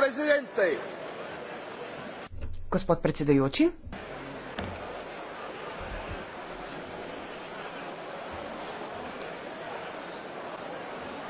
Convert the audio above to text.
presidente. Gospod predsedujoči.